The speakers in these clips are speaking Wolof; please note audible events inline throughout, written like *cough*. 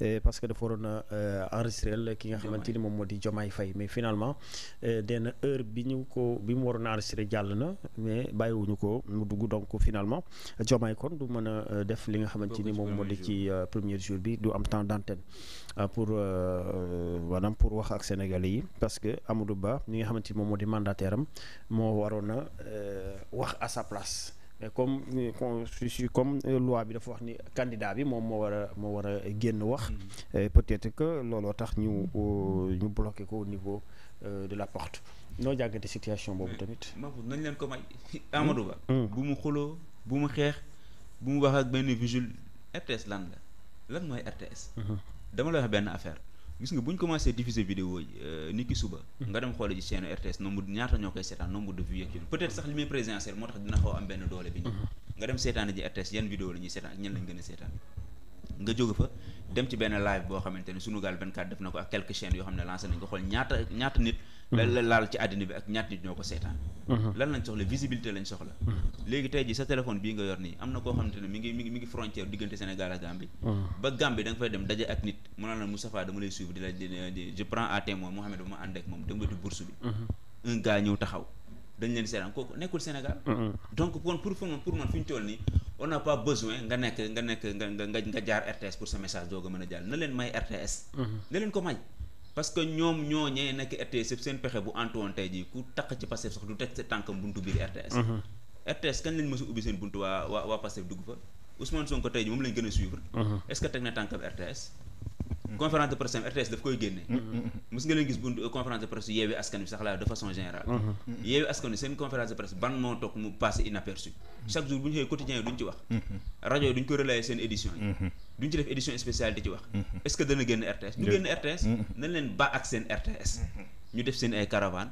Euh, parce que dafa waroon a euh, enregistré ki nga xamante ni moom moo di Diomaye fay mais finalement denn euh, heure bi ñu ko bi mu waroon a enregistré jàll na mais bàyyiwuñu ko mu dugg donc finalement Diomaye kon du mën a def li nga xamante ni moom moo di ci premier jour bi du am temps d'antenne pour maanaam pour wax ak Sénégalais yi parce que Amadou Ba ñi nga xamante ni moom moo di mandataire am moo waroon a wax à sa place comme comme euh, loi bi dafa wax ni candidat bi moom moo war a moo war a génn wax mm. peut-être que looloo tax ñu euh, ñu bloqué ko au niveau euh, de la porte noo jàggante situation boobu tamit. Mahfouz nañ leen ko may. Amadou Ba. Mm. bu mu xuloo bu mu xeex bu mu wax ak benn vigile RTS lan la lan mooy RTS. Mm-hmm. dama la wax benn affaire. gis nga bu ñu commencé diffuser vidéo yi euh, ni ki suba. Hmm. nga dem xoole ci chaîne RTS nombre ñaata ñoo koy seetaan nombre de vues yooyu peut sax li may moo tax dina xaw am benn doole bi ñu. Hmm. nga dem seetaan ji RTS yan vidéo la seetaan ak ñan lañ gën a seetaan. nga jóge fa dem ci benn live boo xamante ne Sunugal 24 def na ko ak quelques chaînes yoo xam ne lancé nañ ko xool ñaata ñaata nit. lan hmm. la laal ci àddina bi ak ñaat nit ñoo ko seetaan hmm. lan lañ soxla visibilité lañ soxla hmm. léegi tey sa téléphone bii nga yor nii am na koo xamante ne mi ngi mi ngi mi diggante Sénégal ak Gambie ba Gambie da nga dem daje ak nit mu naan la Moustapha dama lay suivre di la di je prends à témoin ba ma ànd ak moom dem nga bourse bi un ñëw taxaw dañ leen seetaan kooku nekkul Sénégal donc kon pour pour pour man fi toll nii on n'a pas besoin nga nekk nga a a parce que ñoom ñoo ñee nekk RTS yëpp seen pexe bu antoon tey jii ku taq ci Pastef sax du teg sa tànkam buntu biir RTS. Mhm. RTS kañ lañ mës a ubbi seen buntu waa waa waa Pastef dugg fa Ousmane Sonko tey jii moom lañ gën a suivre. Mhm. est-ce que teg na tànkam RTS. Mm. conférence de presse RTS daf koy génne mos mm. nga leen gis bu euh, conférence de presse yeewi askan wi sax laa de façon générale mm-hmm. mm-hmm. yeewi askan wi seen conférence de presse ban moo toog mu passé inaperçu mm-hmm. chaque jour bu ñu xëyee quotidien yi duñ ci wax rajo yi duñ ko relayer seen édition yi duñ ci def édition spéciale di ci wax est dana génn RTS du génn RTS nañ leen ba ak seen RTS ñu def seen ay caravane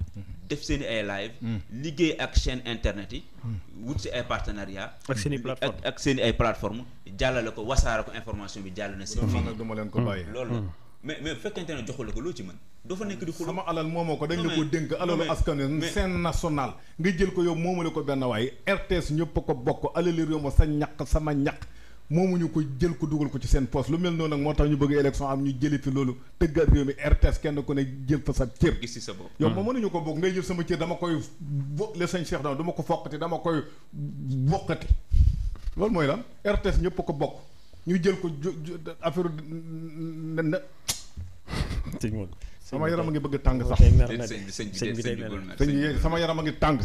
def seen i ay live hmm. liggéey ak chaîne internet yi hmm. wut si ay partenariat ak seen i plateforme ak seen i ay plateforme jàllale ko wasaare ko information bi jàll na si fii hmm. nag duma leen ko bàyyi loolu la mais mais bu fekkente ne la ko loo ci mën doo fa nekk di xuloo sama alal moomoo ko dañ la ko dénk alalu askan wi seen national nga jël ko yow moomale ko benn waay RTS ñëpp ko bokk alali réew ma sa ñaq sama ñaq moomuñu ko jël ko dugal ko ci seen poste lu mel noonu nag moo tax ñu bëgg élection am ñu jëli fi loolu tëggat réew mi RTS kenn ku ne jël fa sa cër gis ci sa bopp yow ma hmm. mënuñu ko bokk ngay jël sama cër dama koy bo le sëñ Cheikh dama dama ko fokkati dama koy bokkati loolu mooy lan RTS ñëpp ko bokk ñu jël ko affaire na sama yaram a ngi bëgg tàng sax sëñ bi sama yaram a ngi tàng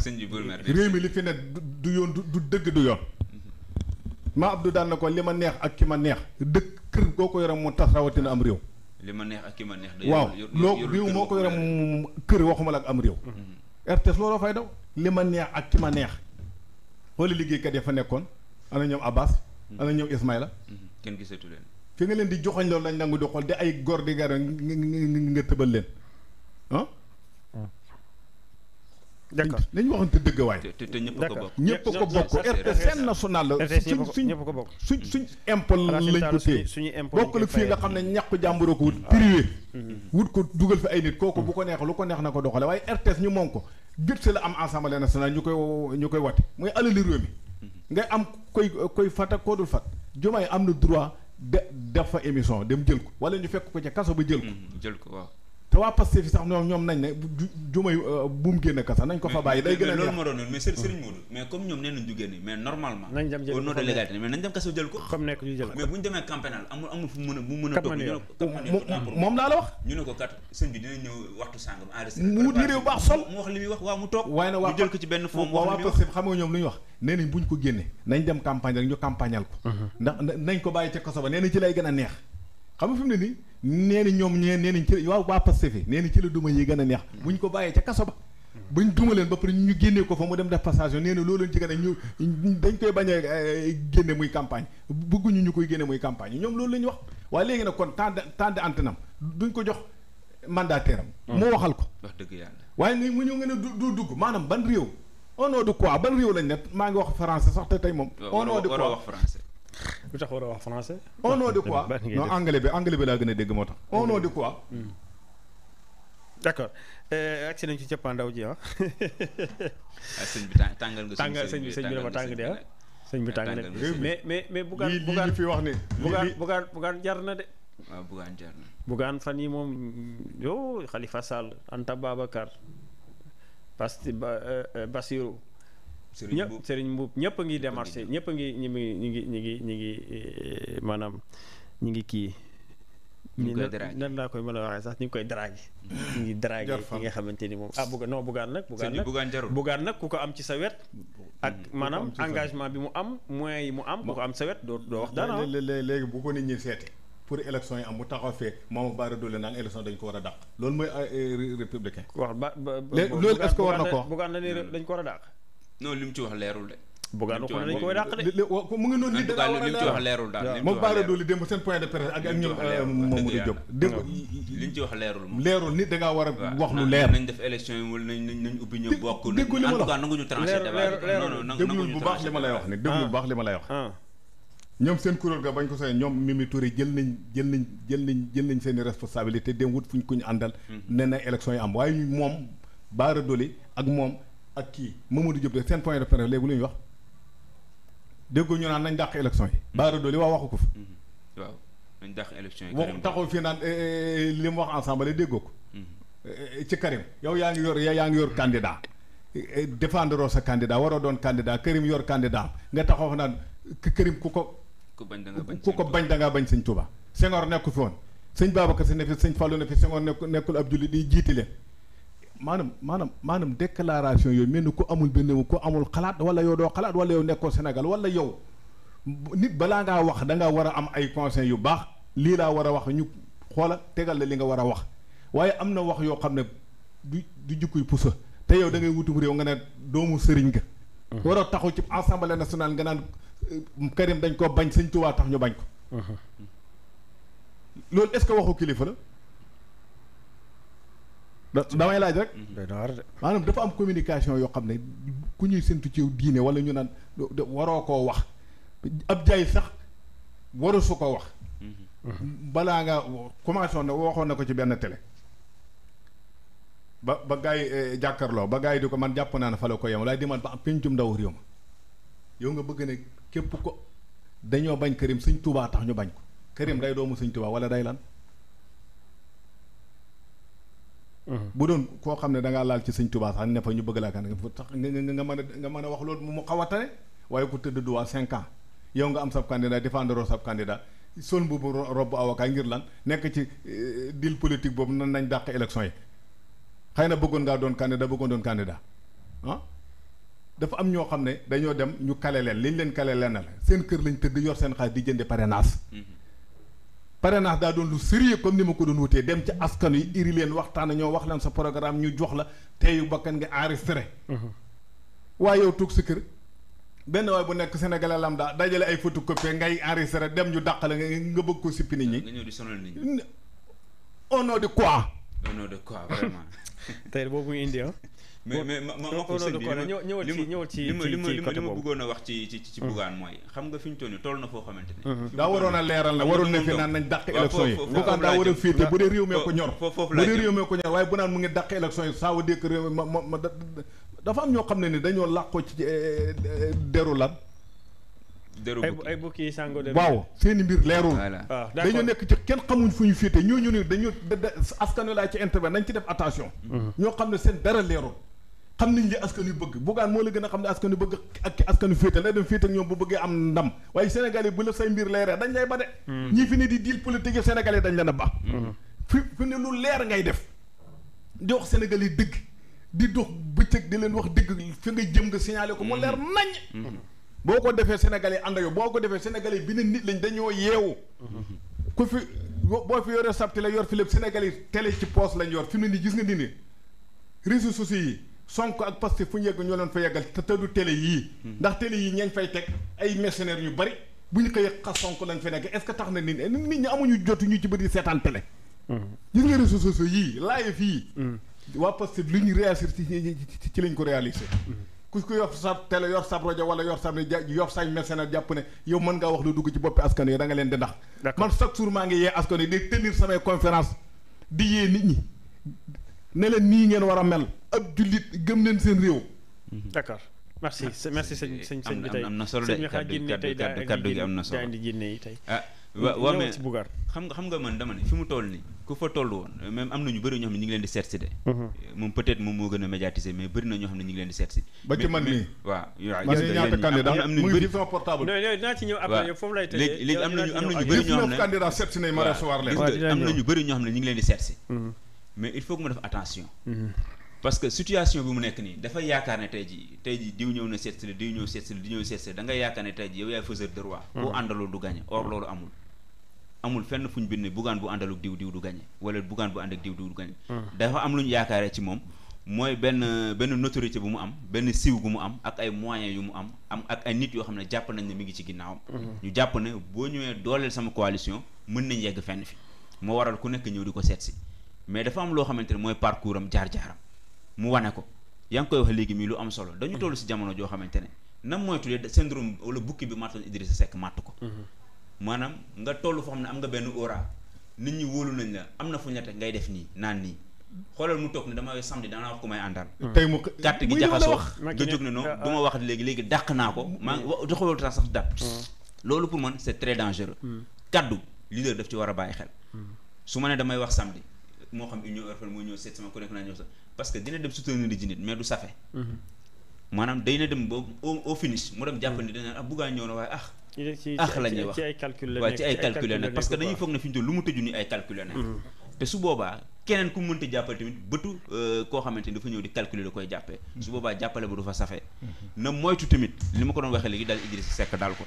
réew mi li fi ne du du dëgg du yoon maa Abdou daan na ko li ma neex ak ki ma neex dëkk kër goo ko yoram mu tas rawatina am réew. li ma neex ak ki ma neex. waaw loo réew moo ko yoram kër waxuma la ak am réew. Mhm. RTS looloo fay daw li ma neex ak ki ma neex. xooli liggéeykat ya fa nekkoon ana ñoom Abbas. Mhm. ana ñoom Ismaïla. Mhm. kenn gisatu leen. fi nga leen di joxoñ loolu lañ nangu di xool di ay góor di gar nga tëbal leen d' accord nañu waxante dëgg waay. te te ñëpp ko bokk ñëpp a seen national la. RTS suñ suñ impôt ko téye suñu impôt bokkul ak fii nga xam ne ñàkku jàmburoo ko wut ah. privé. Mm-hmm. wut ko dugal fi ay nit kooku bu mm-hmm. ko neex lu ko neex na ko doxale waaye RTS ñu moom ko gëj la am assemblée nationale ñu koy ñu koy wate muy alali réew mi. Mm-hmm. ngay am koy koy fat ak koo dul fat jumaay am na droit de def fa émission dem jël ko wala ñu fekk ko ca kaso ba jël ko. jël ko waaw. te waa Pastef yi sax ñoom ñoom nañ moom laa la wax ñu ne ko kat sëñ bi ñëw waxtu sàngam enregistré mu wut yére bu baax sol mu wax li muy wax waaw mu toog waaye na waa jël ko ci benn forme waa Pastef xam nga ñoom lu ñu wax nee nañ buñ ko génne nañ dem campagne ñu campagnal ko mhm. ndax nañ ko bàyyi ca kaso ba nee nañ ci lay gën a neex xam nga fi ne nii nee na ñoom ñee nee nañ ci waaw waa Pastef nee na ci la duma yi gën a neex bu ñu ko bàyyee ca kaso ba buñ duma leen ba pare ñu génnee ko fa mu dem def passation nee na loolu lañ a dañ bañ a euh, génne muy campagne bëgguñu ñu koy génne muy campagne ñoom loolu la wax waaye léegi nag kon temps de temps de antenne duñ ko jox mandataire am moo hmm. waxal ko wax dëgg yàlla waaye ni mu ñëw nga ne du dugg maanaam ban réew au nom de quoi ban réew lañ ne maa ngi wax français sax te tey moom au nom de quoi lu tax war a wax français. au de quoi non anglais bi anglais bi laa gën a dégg moo tax. au nom de quoi. Hmm. Hmm. d' accord euh, agsi nañu ci cappaandaw ji ah. *laughs* ah. sëñ bi tàngal bi sëñ bi tàng de ah. ah. sëñ bi tàng de mais mais mais bugaan bugaan fi jar na de. waaw fan yi moom yow Khalifa Sall Anta Babacar Basti Basirou. Euh, euh, Serigne Mboup Serigne Mboup ñëpp a ngi démarché ñëpp a ngi ñu ngi ñu ngi ñu ngi ñu ngi eh, maanaam ñu ngi kii. ñu ngi koy dragué nan laa koy mën a waxee sax ñu ngi koy dragué. ñu ngi dragué ki nga xamante ni moom ah buga non bugaan nag. bugaan nag bugaan nag ku ko am ci sa wet. Mm-hmm. ak maanaam engagement bi mu am moyens yi mu am. ku ko am sa wet doo doo wax dara. léegi bu ko nit ñi seete pour élection yi am mu taxaw fee Mamadou Bara Dolly naan élection dañ ko war a dàq. loolu mooy euh, euh, républicain. wax ba ba ko wax bugaan na dañ ko dàq. non li mu ci wax leerul de. Bougane waxul nañu koy dàq de. mu ngi noonu li dana war a leerul li mu ci wax leerul daal. moom Bara Dolly démb seen point de presse ak ak ñoom euh, Mamadou Diop. dégg li ñu ci wax leerul moom. leerul nit da ngaa war a wax lu leer. nañ def élection yi wala nañ nañ ubbi ñu bokk. déggu li ma la wax en tout cas nanguñu tranché débat non non déglu ah. bu baax li ma lay wax ne déglu bu baax li ma lay wax. ñoom seen kuréel ga bañ ko soxee ñoom Mimi Touré jël nañ jël nañ jël nañ jël nañ seen i responsabilité dem wut fuñ kuñ àndal. Hmm. nee na élection yi am waaye moom Bara Dolly ak moom ak kii Mamadou Diop de seen point de presse léegi lu ñuy wax déggoo ñu naan nañ dàq élection yi. Baara Doli wax waxu ko fa. waaw nañ dàq élection yi. wax taxaw fii naan eh, eh, eh, li mu wax ensemble déggoo ko. Mm-hmm. ci Karim yow yaa ngi yor yaa ngi yor candidat défendre sa candidat waroo doon candidat Karim yor candidat nga taxaw naan Karim ku ko. ku bañ da nga bañ ko bañ da nga bañ sëñ Touba. Senghor nekku fi woon sëñ Babacar si ne fi sëñ ne fi Senghor nekkul nekkul ab jullit di jiiti maanaam maanaam maanaam déclaration yooyu mel ni ku amul benn ku amul xalaat wala yow doo xalaat wala yow nekkoo Sénégal wala yow nit balaa ngaa wax da war a am ay conseils yu baax lii laa war a wax ñu xoola tegal la li nga war a wax waaye am na wax yoo xam ne du du jukkuy pusa te yow da ngay wutum réew nga ne doomu sëriñ mhm. war a taxaw ci assemblée national nga naan euh, Karim dañ ko bañ Sëñ Tuubaa tax ñu bañ ko mhm. loolu est-ce que waxu kilifa la damay laaj rek. maanaam dafa am communication yoo xam ne ku ñuy séntu ci diine wala ñu naan waroo koo wax ab jaay sax waru su ko wax. Mm-hmm. balaa nga commencé woon na waxoon na ko ci benn télé. ba ba gars yi eh, jàkkaarloo ba gars yi di ko man jàpp naa ne fa la ko yem laay di man ba ah, am pencum ndaw réew ma yow nga bëgg ne képp ko dañoo bañ kërim suñ Tuubaa tax ñu bañ ko kërim day doomu sëñ Tuubaa wala day lan. bu doon koo xam ne dangaa laal ci sëñ tubaa sax ne fa ñu bëgg laa kan nga tax nga nga mën a nga mën a wax loolu mu xaw a tane waaye ku tëdd duwaa cinq ans yow nga am sab candidat défendre sab candidat sol boobu robb avocat ngir lan nekk ci euh, deal politique boobu nan nañ dàq élection yi xëy na bëggoon ngaa doon candidat bëggoon doon candidat ah dafa am ñoo xam ne dañoo dem ñu kale leen liñ leen kale leen la seen kër lañ tëdd yor seen xaalis di jënde parrainage mm-hmm. parrainage daa doon lu sérieux comme ni ma ko doon wutee dem ci askan yi iri leen waxtaan ñoo wax leen sa programme ñu jox la teyu bakkan nga enregistré. Mhm. waaye yow toog sa kër benn waay bu nekk Sénégalais lambda dajale ay photocopie ngay enregistré dem ñu dàqale nga nga bëgg ko sippi nit ñi. nga di sonal nit au nom de quoi vraiment. *laughs* tey boobu ñu indi ah. *laughs* mais mais ma ma ko sëñ bi ñëwal ci ñëwal li ma li ma bëggoon a wax ci ci ci mm. Bougane mooy xam nga fi ñu tool nii toll na foo xamante ne. Mm-hmm. daa waroon a leeral la warul ne fi naan nañ dàq élection yi Bougane daa war a féete bu dee réew mee ko ñor bu dee réew mee ko ñor waaye bu naan mu ngi dàq élection yi saa wa dékk réew ma ma ma dafa am ñoo xam ne ni dañoo làqoo ci eh, eh, deru la ay bukki yi sàngoo waaw seen mbir leerul waaw ah, ah, dañoo nekk ci kenn xamuñ fu ñu féete ñooñu ne dañoo askan wi laa ci intervenir nañ ci def attention mm-hmm. ñoo xam ne seen dara leerul xam nañ li askan yu bëgg bugaan moo la gën a xam ne askan yu bëgg ak askan yu féete la dem féete ak ñoom bu bëggee am ndam waaye Sénégal yi bu la say mbir leeree dañ lay ba de mm-hmm. ñii fi ne di deal politique yi Sénégal yi dañ leen a ba mm-hmm. fi fi ne lu leer ngay def di wax Sénégal yi dëgg di dox bëccëg di leen wax dëgg fi nga jëm nga signalé ko mu leer nañ boo ko defee sénégalais ànd ak boo ko defee sénégalais bi ne nit lañ dañoo yeewu. ku fi boo fi yore sabti la yor fi lépp sénégalais télé ci poos lañ yor fi mu ne nii gis nga ni réseaux sociaux yi Sonko ak Pastef fu ñu ñoo leen fa yeggal te tëddu télé yii. ndax télé yii ñañ fay teg ay mercenaires yu bari bu ñu xëyee xas Sonko lañ fa nekk est-ce que tax na nit nit ñi amuñu jot ñu ci bëri seetaan télé. gis nga réseaux sociaux yii live fii mm. waa Pastef lu ñu réagir ci ci lañ ko réalisé. ku ko yor sa télé yor sa rajo wala yor sa yor sa mercenaire jàpp ne yow mën ngaa wax lu dugg ci boppi askan yi da leen di ndax man chaque jour maa ngi yee askan yi di tenir samay conférence di yee nit ñi ne leen nii ngeen war a mel ab jullit gëm leen seen réew mhm. d'accord merci ah, merci sëñ sëñ sëñ bi tey am na solo de kaddu kaddu gi am na solo daa indi jinne yi tey ah. waaw waaw mais xam nga xam nga man dama ne fi mu toll nii ku fa toll woon même am na ñu bëri ñoo xam ne ñu ngi leen di seet si mhm. a mais il faut que ma def attention. parce que situation bi mu nekk nii dafa yaakaar ne tey ji tey diw ñëw na seet si la diw ñëw seet si la diw ñëw seet si la da nga yaakaar ne tey ji yaay faiseur de roi. boo mhm. àndaloo du gagné or loolu amul amul fenn fu ñu bind bugaan bu àndaluk diw diw du gagné wala bugaan bu ànd diw diw du gagné. Hmm. dafa am lu ñu yaakaaree ci moom mooy benn benn notoriété bu mu am benn siiw bu mu am ak ay moyens yu mu am am ak ay nit yoo xam ne jàpp nañ ne mi ngi ci ginnaawam. Hmm. ñu jàpp ne boo ñëwee dooleel sama coalition mën nañ yegg fenn fi moo waral ku nekk ñëw di ko seet si mais dafa am loo xamante ne mooy parcours am jaar-jaaram mu wane ko yaa ngi koy wax léegi mii lu am solo dañu hmm. toll si jamono joo xamante ne nan mooy tuddee syndrome wala bukki bi mattoon Idrissa Seck matt ko. maanaam nga toll foo xam ne am nga benn aura nit ñi wóolu nañ la am na fu ñu la teg ngay def nii naan nii xoolal mu toog ne dama samedi daanaa wax ku may àndal. Mm. tey mu carte wax jaxasoo nga jóg ne noonu ah, ah. du ma wax léegi léegi dàq naa ko maa mm. ngi doxaloo tax sax dàpp mm. loolu pour man c'est très dangereux kaddu leader daf ci war a bàyyi xel su ma ne damay wax samedi moo xam union européenne mooy ñëw seet sama ku nekk naa ñëw sax parce que dina dem soutenir di ji nit mais du safe mm-hmm. maanaam day na dem ba o finish mu dem jàpp ni dana ah buggaa ñëw na waaye ah ax la ñuy wax ci ay calcul la nekk ci ay calcul la nekk parce que dañuy foog na fi ñu toll lu mu tëju nii ay calcul la mm. te su boobaa keneen ku mënta jàppale tamit bëtu euh, koo xamante ni dafa ñëw di calculer da koy jàppee mm. su boobaa jàppale ba du fa safee mm-hmm. na moytu tamit li ma ko doon waxee léegi daal Idrissa Seck daal ko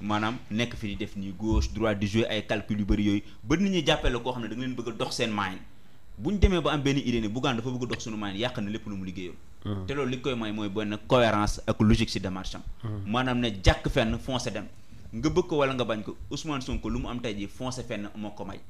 maanaam nekk fi di def nii gauche droite di jouer ay calcul yu bëri yooyu ba nit ñi jàppale koo xam ne da leen bëgg a dox seen maayin bu ñu demee ba am benn idée ne Bougane dafa bëgg a dox suñu mu liggéeyoon mm. te loolu li mooy mooy benn cohérence ak logique si démarche am maanaam nga bëgg ko wala nga bañ ko Ousmane Sonko lu mu am tey jii foncé fenn moo ko may